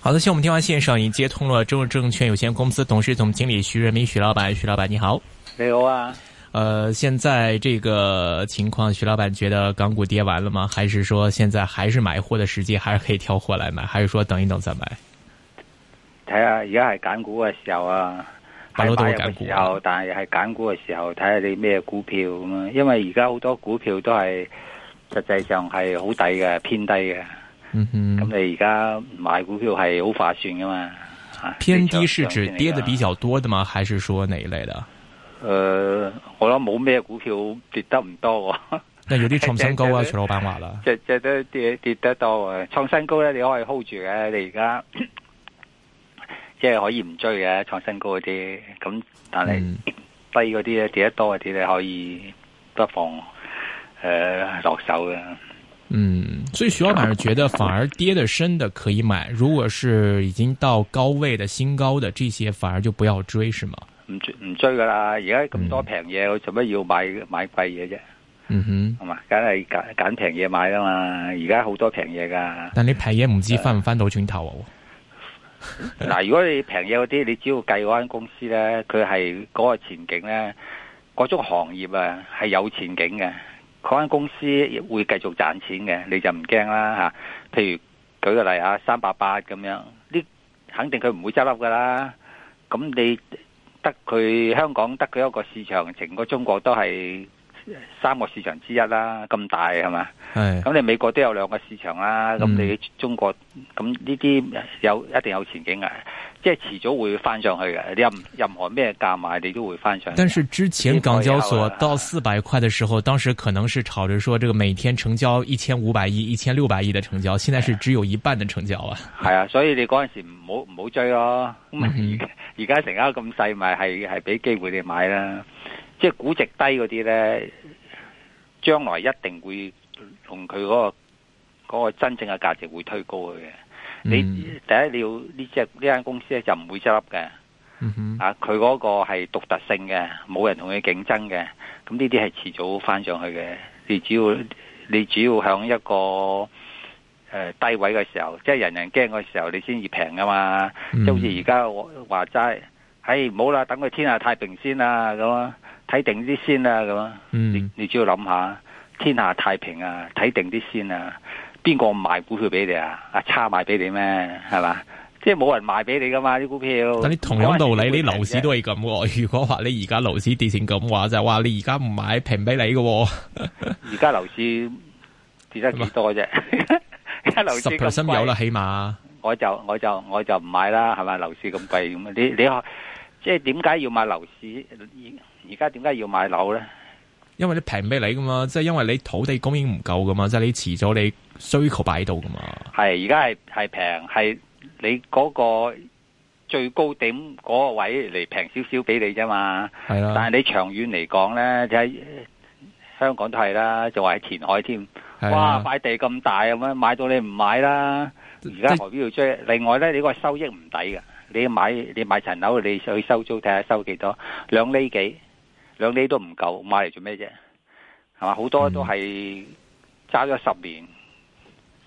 好的，先我們電話線上已經接通了中日證券有限公司董事總經理徐潤民，徐老闆，徐老闆你好。你好啊。呃，現在這個情況，徐老闆覺得港股跌完了嗎？還是說現在還是買貨的時機，還是可以挑貨來買？還是說等一等再買？睇下而家係揀股嘅時候啊，買都係揀股啊。但係係揀股嘅時候，睇下你咩股票咁啊。因為而家好多股票都係實際上係好抵嘅，偏低嘅。嗯哼，咁你而家買股票係好划算噶嘛？偏低是指跌得比較多嘅嘛，還是說哪一類的？誒、呃，我諗冇咩股票跌得唔多，有啲創新高啊。徐老闆話啦，即係即係跌跌跌得多啊！創新高咧，你可以 hold 住嘅。你而家即係可以唔追嘅創新高嗰啲，咁但係低嗰啲咧跌得多嗰啲你可以不妨誒落、呃、手嘅。嗯，所以徐老闆覺得反而跌得深的可以買，如果是已經到高位的新高的這些反而就不要追，是嗎？唔追唔追噶啦，而家咁多平嘢，我做乜要買買貴嘢啫？嗯哼，係嘛，梗係揀揀平嘢買吖嘛，而家好多平嘢噶。但你平嘢唔知翻唔翻到轉頭啊？嗱的， 如果你平嘢嗰啲，你只要計嗰間公司咧，佢係嗰個前景咧，嗰種行業啊係有前景嘅。嗰間公司會繼續賺錢嘅，你就唔驚啦嚇。譬如舉個例啊，三八八咁樣，呢肯定佢唔會執笠㗎啦。咁你得佢香港得佢一個市場，成個中國都係三個市場之一啦。咁大係嘛？係。咁你美國都有兩個市場啦。咁你中國咁呢啲有一定有前景嘅。即係遲早會翻上去嘅，任任何咩價買你都會翻上去。去。但是之前港交所到四百塊嘅時候，當時可能是炒着說，這個每天成交一千五百億、一千六百億的成交，啊、現在是只有一半的成交啊。係啊，所以你嗰陣時唔好唔好追咯。而家、嗯、哼成交咁細，咪係係俾機會你買啦。即係估值低嗰啲呢，將來一定會同佢嗰個、嗰個真正嘅價值會推高佢嘅。嗯、你第一你要呢隻呢間公司咧，就唔會執笠嘅，嗯、哼啊佢嗰個係獨特性嘅，冇人同佢競爭嘅，咁呢啲係遲早翻上去嘅。你主要你主要響一個誒、呃、低位嘅時候，即係人人驚嘅時候，你先至平噶嘛。即好似而家我話齋，唉唔好啦，等佢天下太平先啊，咁啊睇定啲先啊，咁啊，嗯、你你主要諗下天下太平啊，睇定啲先啊。邊個賣股票俾你啊？阿差賣俾你咩？係嘛？即係冇人賣俾你噶嘛？啲股票。但你同樣道理，不你樓市都係咁。不如果話你而家樓市跌成咁話就話你而家唔買平俾你噶。而家樓市跌得幾多啫？十 percent 吧 有啦，起碼。我就我就我就唔買啦，係咪？樓市咁貴咁，你你即係點解要買樓市？而而家點解要買樓咧？因為你平俾你噶嘛，即係因為你土地供應唔夠噶嘛，即係你遲咗你需求擺喺度噶嘛。係，而家係係平，係你嗰個最高點嗰個位嚟平少少俾你啫嘛。係啦。但係你長遠嚟講咧，就喺香港都係啦，就話喺前海添。哇，塊地咁大咁樣，買到你唔買啦。而家何必要追？另外咧，你個收益唔抵噶。你買你買層樓，你去收租睇下收幾多，兩厘幾。兩厘都唔夠，買嚟做咩啫？係嘛，好多都係揸咗十年，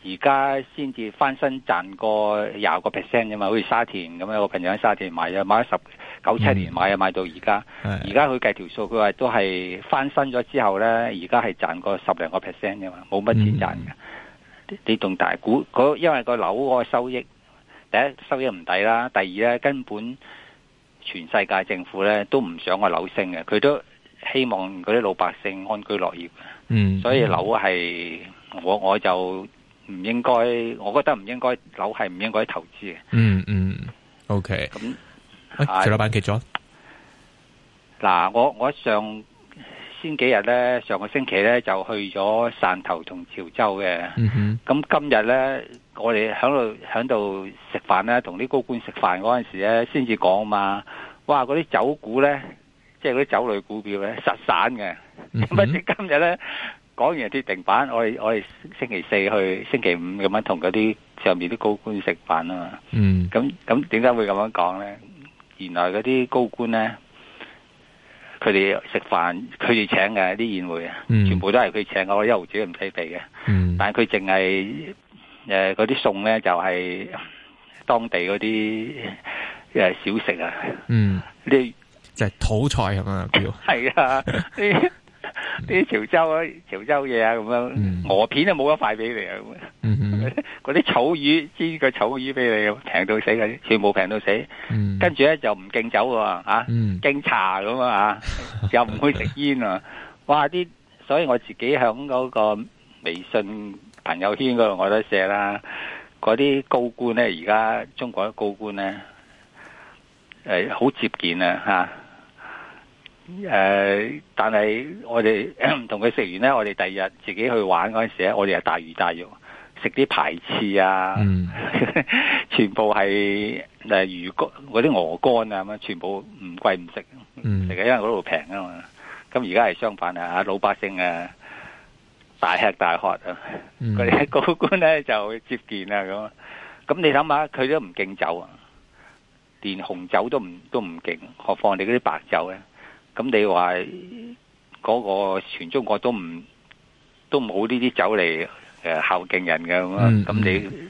而家先至翻身賺個廿個 percent 啫嘛。好似沙田咁樣，我朋友喺沙田買啊，買十九、嗯、七年買啊，買到而家的。而家佢計條數，佢話都係翻身咗之後咧，而家係賺個十零個 percent 啫嘛，冇乜錢賺嘅。啲棟大股因為個樓個收益，第一收益唔抵啦，第二咧根本。全世界政府咧都唔想個樓升嘅，佢都希望嗰啲老百姓安居樂業。嗯，所以樓係我我就唔應該，我覺得唔應該樓係唔應該投資嘅、嗯。嗯嗯，OK。咁，謝老闆結咗。嗱，我我上。先幾日咧，上個星期咧就去咗汕頭同潮州嘅。咁今日咧，我哋喺度喺度食飯咧，同啲高官食飯嗰陣時咧，先至講嘛。哇！嗰啲酒股咧，即係嗰啲酒類股票咧，實散嘅。咁咪今日咧講完跌停板，我哋我哋星期四去星期五咁樣同嗰啲上面啲高官食飯啊嘛。咁咁點解會咁樣講咧？原來嗰啲高官咧。佢哋食飯，佢哋請嘅啲宴會啊，嗯、全部都係佢請嘅，我一毫紙都唔使俾嘅。嗯、但係佢淨係誒嗰啲餸咧，就係、是、當地嗰啲誒小食啊，嗯，啲你就係土菜咁樣 啊，係啊。的 啲潮州啊，潮州嘢啊，咁樣鵝片都冇一塊俾你啊，嗰啲、嗯嗯、 草魚煎個草魚俾你，平到死，全部平到死。嗯、跟住咧就唔敬酒喎、啊，啊，嗯、敬茶咁啊,啊，又唔會食煙啊。 哇！啲所以我自己響嗰個微信朋友圈嗰度我都寫啦，嗰啲高官咧而家中國嘅高官咧，誒好節儉啊吓。啊誒、呃，但係我哋同佢食完咧，我哋第二日自己去玩嗰陣時咧，我哋係大魚大肉食啲排翅啊，全部係誒魚肝嗰啲鵝肝啊咁，全部唔貴唔食，食嘅、嗯，因為嗰度平啊嘛。咁而家係相反啊，老百姓啊大吃大喝啊，佢哋、嗯、高官咧就接見啊咁。咁你諗下，佢都唔敬酒啊，連紅酒都唔都唔敬，何況你嗰啲白酒咧？咁你話嗰個全中國都唔都冇呢啲酒嚟，誒孝敬人嘅，咁咁你？嗯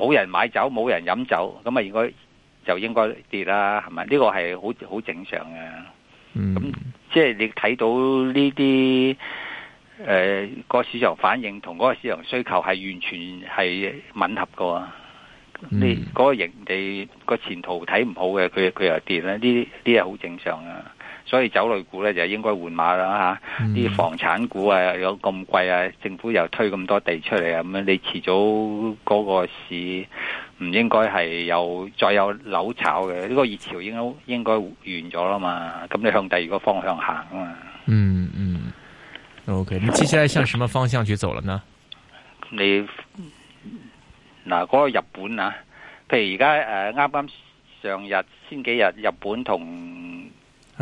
冇人買酒，冇人飲酒，咁啊應該就應該跌啦，係咪？呢個係好好正常嘅。咁即係你睇到呢啲誒個市場反應同嗰個市場需求係完全係吻合嘅。你嗰個盈利、個前途睇唔好嘅，佢佢又跌啦。呢啲啲係好正常啊。所以酒類股咧就應該換馬啦嚇，啲、啊嗯、房產股啊有咁貴啊，政府又推咁多地出嚟啊，咁你遲早嗰個市唔應該係有再有樓炒嘅，呢、呢個熱潮應該應該完咗啦嘛，咁你向第二個方向行啊嘛。嗯嗯，OK，你接下來向什麼方向去走了呢？你嗱嗰、嗰個日本啊，譬如而家誒啱啱上日先幾日日本同。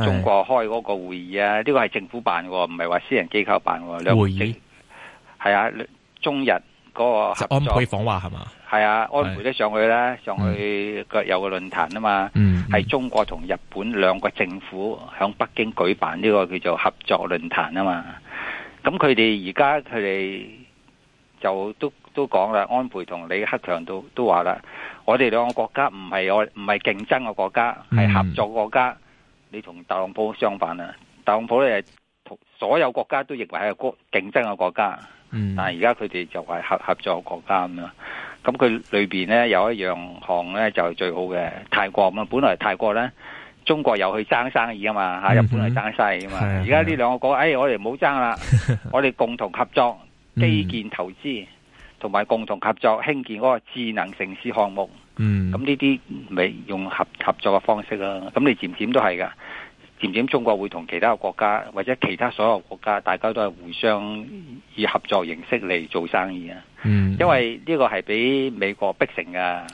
中國開嗰個會議啊，呢、這個係政府辦喎，唔係話私人機構辦。會議係啊，中日嗰個合作安倍講話係嘛？係啊，安倍都上去啦，是上去個有個論壇啊嘛，係、嗯、中國同日本兩個政府響北京舉辦呢個叫做合作論壇啊嘛。咁佢哋而家佢哋就都都講啦，安倍同李克強都都話啦，我哋兩個國家唔係我唔係競爭嘅國家，係、嗯、合作國家。你同特朗普相反啦，特朗普咧同所有國家都認為係個競爭嘅國家，嗯、但係而家佢哋就係合合作國家，咁咁佢裏邊咧有一樣行咧，就係、是、最好嘅泰國咁啊，本來泰國咧中國又去爭生意噶嘛，吓、嗯、哼日本爭生意噶嘛，而家呢兩個國，的哎，我哋唔好爭啦， 我哋共同合作基建投資，同埋共同合作興建嗰個智能城市項目。嗯，咁呢啲咪用合合作嘅方式啦，啊，咁你漸漸都係噶，漸漸中國會同其他國家或者其他所有國家，大家都係互相以合作形式嚟做生意啊。嗯，因為呢個係俾美國逼成噶，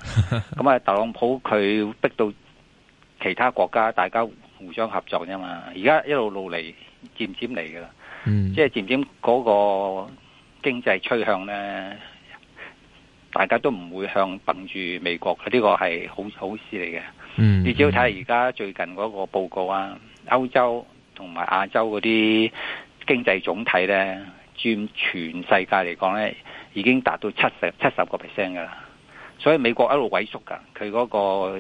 咁啊，特朗普佢逼到其他國家大家互，互相合作啫嘛。而家一路路嚟，漸漸嚟噶啦，即係漸漸嗰個經濟趨向咧。大家都唔會向擰住美國嘅，呢個係好好事嚟嘅。嗯，你只要睇下而家最近嗰個報告啊，歐洲同埋亞洲嗰啲經濟總體咧佔全世界嚟講咧已經達到七十七十個 percent 㗎啦。所以美國一路萎縮㗎，佢嗰個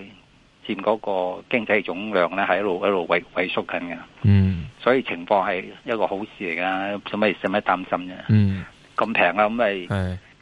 佔嗰個經濟總量咧係一路一路萎萎縮緊嘅。嗯，所以情況係一個好事嚟㗎，使咩做咩擔心啫？嗯，咁平啦，咁咪係。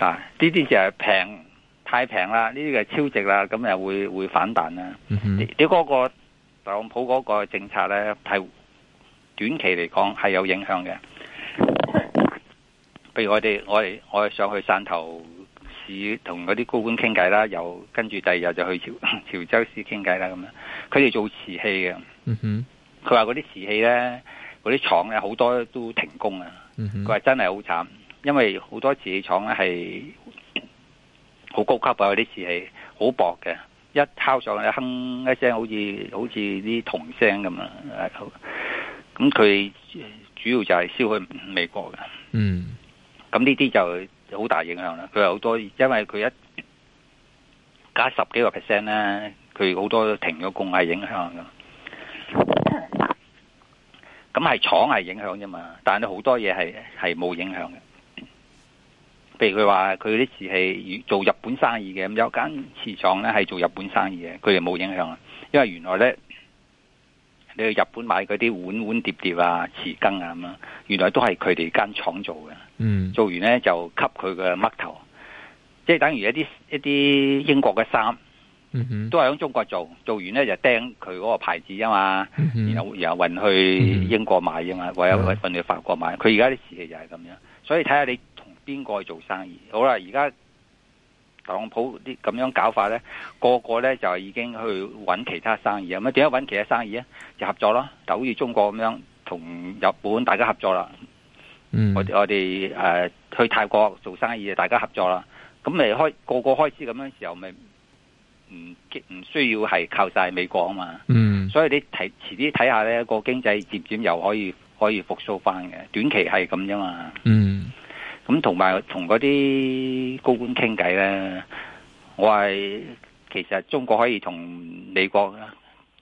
啊！呢啲就係平太平啦，呢啲就係超值啦，咁又會會反彈啦。你嗰、mm hmm. 嗰個特朗普嗰個政策咧，係短期嚟講係有影響嘅。譬如我哋我哋我係上去汕頭市同嗰啲高官傾偈啦，又跟住第二日就去潮潮州市傾偈啦咁樣。佢哋做瓷器嘅，佢話嗰啲瓷器咧，嗰啲廠咧好多都停工啊。佢話、mm hmm. 真係好慘。因為好多瓷器廠咧係好高級啊，啲瓷器好薄嘅，一敲上去哼一聲，好似好似啲銅聲咁啊！咁佢主要就係燒去美國嘅。嗯，咁呢啲就好大影響啦。佢好多因為佢一加十幾個 percent 咧，佢好多停咗供應影響嘅。咁係廠係影響啫嘛，但係好多嘢係係冇影響嘅。譬如佢話佢啲瓷器做日本生意嘅，咁有間瓷廠咧係做日本生意嘅，佢哋冇影響啊，因為原來咧你去日本買嗰啲碗碗碟碟啊、匙羹啊咁啦，原來都係佢哋間廠做嘅，做完咧就吸佢嘅嘜頭，嗯、即係等於一啲一啲英國嘅衫，嗯嗯都係喺中國做，做完咧就釘佢嗰個牌子啊嘛、嗯嗯，然後然後運去英國買啊嘛，嗯嗯或者運去法國買，佢而家啲瓷器就係咁樣，所以睇下你。應該做生意好啦，而家特朗普啲咁樣搞法咧，個個咧就已經去搵其他生意啊！咁點解搵其他生意啊？就合作咯，就好似中國咁樣同日本大家合作啦。嗯，我哋，我我哋誒去泰國做生意，大家合作啦。咁咪開個個開始咁樣時候咪唔唔需要係靠晒美國啊嘛。嗯，所以你睇遲啲睇下咧，個經濟漸漸又可以可以復蘇翻嘅，短期係咁啫嘛。嗯。咁同埋同嗰啲高官傾偈咧，我係其實中國可以同美國，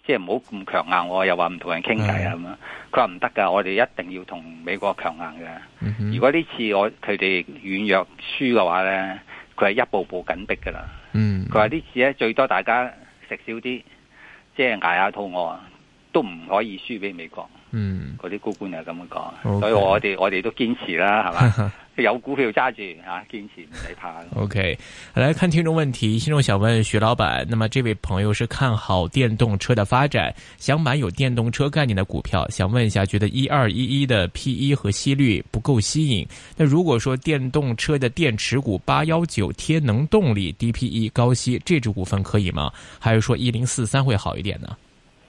即係唔好咁強硬，我又話唔同人傾偈啊咁樣，佢話唔得噶，我哋一定要同美國強硬嘅。Mm hmm. 如果呢次我佢哋軟弱輸嘅話咧，佢係一步步緊逼噶啦。佢話、mm hmm. 呢次咧最多大家食少啲，即係挨下肚餓，都唔可以輸俾美國。嗯、mm，嗰、hmm. 啲高官又咁樣講，Okay. 所以我哋我哋都堅持啦，係嘛？ 有股票揸住啊，堅持唔使怕。OK，來看聽眾問題。聽眾想問徐老闆，那麼這位朋友是看好電動車的發展，想買有電動車概念的股票，想問一下，覺得一二一一的 P E 和息率不夠吸引。那如果說電動車的電池股八幺九天能動力低 P E 高息，這隻股份可以嗎？還是說一零四三會好一點呢？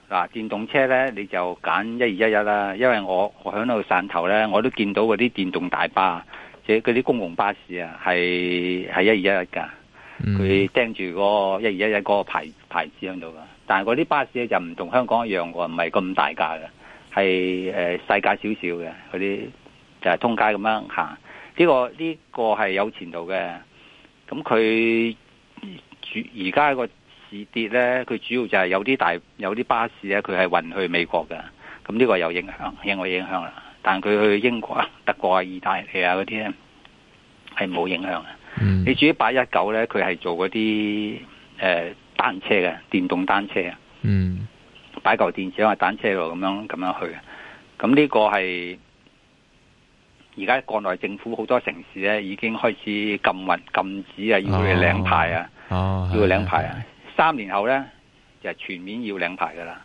啊，電動車呢你就揀一二一一啦，因為我我響度汕頭呢，我都見到嗰啲電動大巴。佢啲公共巴士啊，係係一二一一噶，佢盯住個一二一一嗰個牌、牌子喺度噶。但係嗰啲巴士咧就唔同香港一樣喎，唔係咁大架嘅，係誒細架少少嘅嗰啲，就係通街咁樣行。呢個呢個係有前途嘅。咁佢主而家個市跌咧，佢主要就係有啲大有啲巴士咧，佢係運去美國嘅。咁呢個有影響，因為影響啦。但佢去英國啊、德國啊、意大利啊嗰啲咧，係冇影響嘅。你、嗯、至於擺一九呢，佢係做嗰啲誒單車㗎，電動單車啊，嗯、擺嚿電子因為單車㗎。咁樣咁樣去嘅。咁呢個係而家國內政府好多城市呢已經開始禁運、禁止啊，要佢領牌啊，要領牌啊。三年後呢，就全面要領牌㗎啦。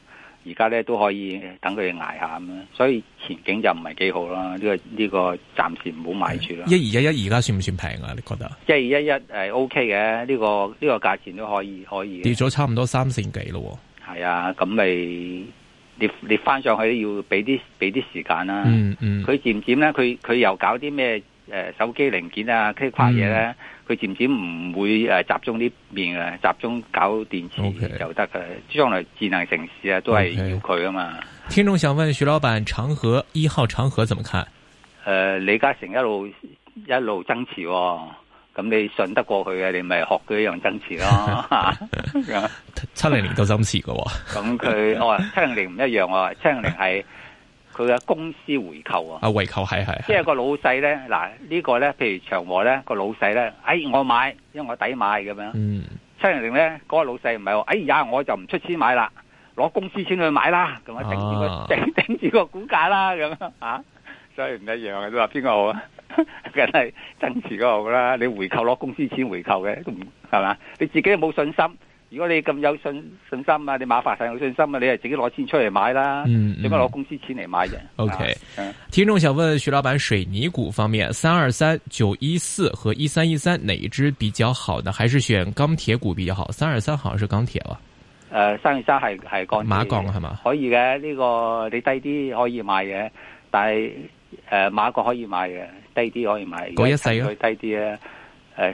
而家咧都可以等佢哋捱下咁，所以前景就唔係幾好啦。呢個呢個暫時唔好買住啦。一二一一而家算唔算平啊？你覺得一二一一誒 OK 嘅，呢個呢個價錢都可以可以跌咗差唔多三成幾咯。係啊，咁咪你你翻上去都要俾啲俾啲時間啦。嗯嗯，佢、嗯、漸漸咧，佢佢又搞啲咩、呃、手機零件啊，呢啲嘢咧。嗯佢漸漸唔會誒集中呢邊集中搞電池就得㗎，Okay. 將來智能城市啊都係要佢啊嘛。Okay. 聽眾想問徐老闆長和，一號長和怎麼看？誒、呃，李嘉誠一路一路增持、哦，咁你信得過佢嘅？你咪學學佢一樣增持咯？七零零都增持喎。咁佢我話七零零唔一樣，喎，七零零係。 佢嘅公司回購啊，啊回購係係，即係個老細咧，嗱呢個咧，譬如長和咧個老細咧，哎我買，因為我抵買咁樣，七零零咧嗰個老細唔係話，哎呀我就唔出錢買啦，攞公司錢去買啦，咁我頂住個頂頂住個股價啦咁樣啊，所以唔一樣嘅，都話邊個好？梗係增持嗰個好啦，你回購攞公司錢回購嘅，咁唔係嘛，你自己都冇信心。如果你咁有信信心啊，你馬發上有信心啊，你係自己攞錢出嚟買啦，點解攞公司錢嚟買嘅？OK，、嗯、聽眾想問徐老闆，水泥股方面，三二三、九一四和一三一三，哪一支比較好呢？還是選鋼鐵股比較好？三二三好像是鋼鐵吧？誒、呃，三二三係係鋼馬鋼係嘛？可以嘅，呢、這個你低啲可以買嘅，但係誒、呃、馬鋼可以買嘅，低啲可以買嘅，嗰一世低啲啊。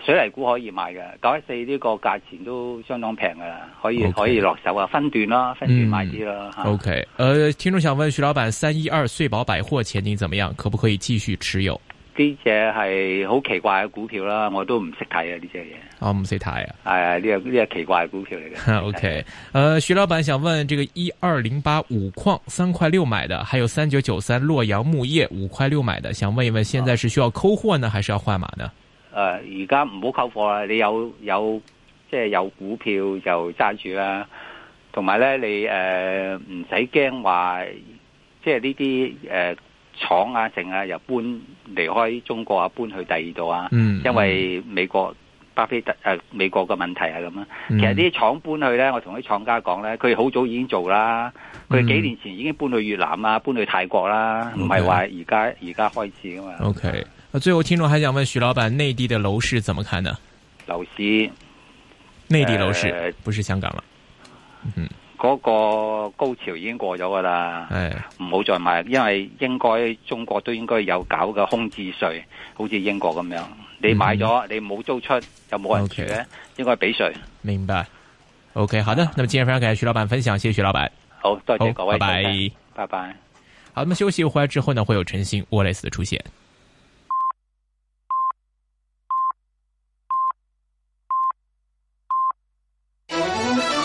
水泥股可以買嘅，九一四呢個價錢都相當平嘅，可以 Okay. 可以落手啊，分段啦，分段買啲啦。嗯、o、okay. K，呃聽眾想問徐老闆，三一二歲寶百貨前景怎麼樣？可不可以繼續持有？呢隻係好奇怪嘅股票啦，我都唔識睇啊，呢隻嘢。我唔識睇啊，係呢隻呢隻奇怪嘅股票嚟嘅。 o okay . K，呃徐老闆想問，這個一二零八五礦三塊六買的，還有三九九三洛陽鉬業五塊六買的，想問一問，現在是需要溝貨呢，oh. 還是要換碼呢？誒，而家唔好扣貨啦，你有有即係有股票就揸住啦，同埋咧你誒唔使驚話，即係呢啲誒廠啊剩啊又搬離開中國啊，搬去第二度啊，嗯、因為美國巴菲特誒、呃、美國嘅問題係咁啊，其實呢啲廠搬去咧，我同啲廠家講咧，佢好早已經做啦，佢幾年前已經搬去越南啦，搬去泰國啦，唔係話而家而家開始噶嘛。Okay. 最後，聽眾還想問徐老闆，內地的樓市怎麼看呢？樓市，內地樓市、呃、不是香港了。嗯，嗰個高潮已經過咗噶啦，唔好唉再買，因為應該中國都應該有搞個空置稅，好似英國咁樣。你買咗，嗯、你冇租出就冇人住咧，Okay. 應該俾稅。明白。OK，好的，那麼今天非常感謝徐老闆分享，謝謝徐老闆。好，多謝各位，拜拜拜拜。看拜拜好，那麼休息回來之後呢，會有陳新沃雷斯的出現。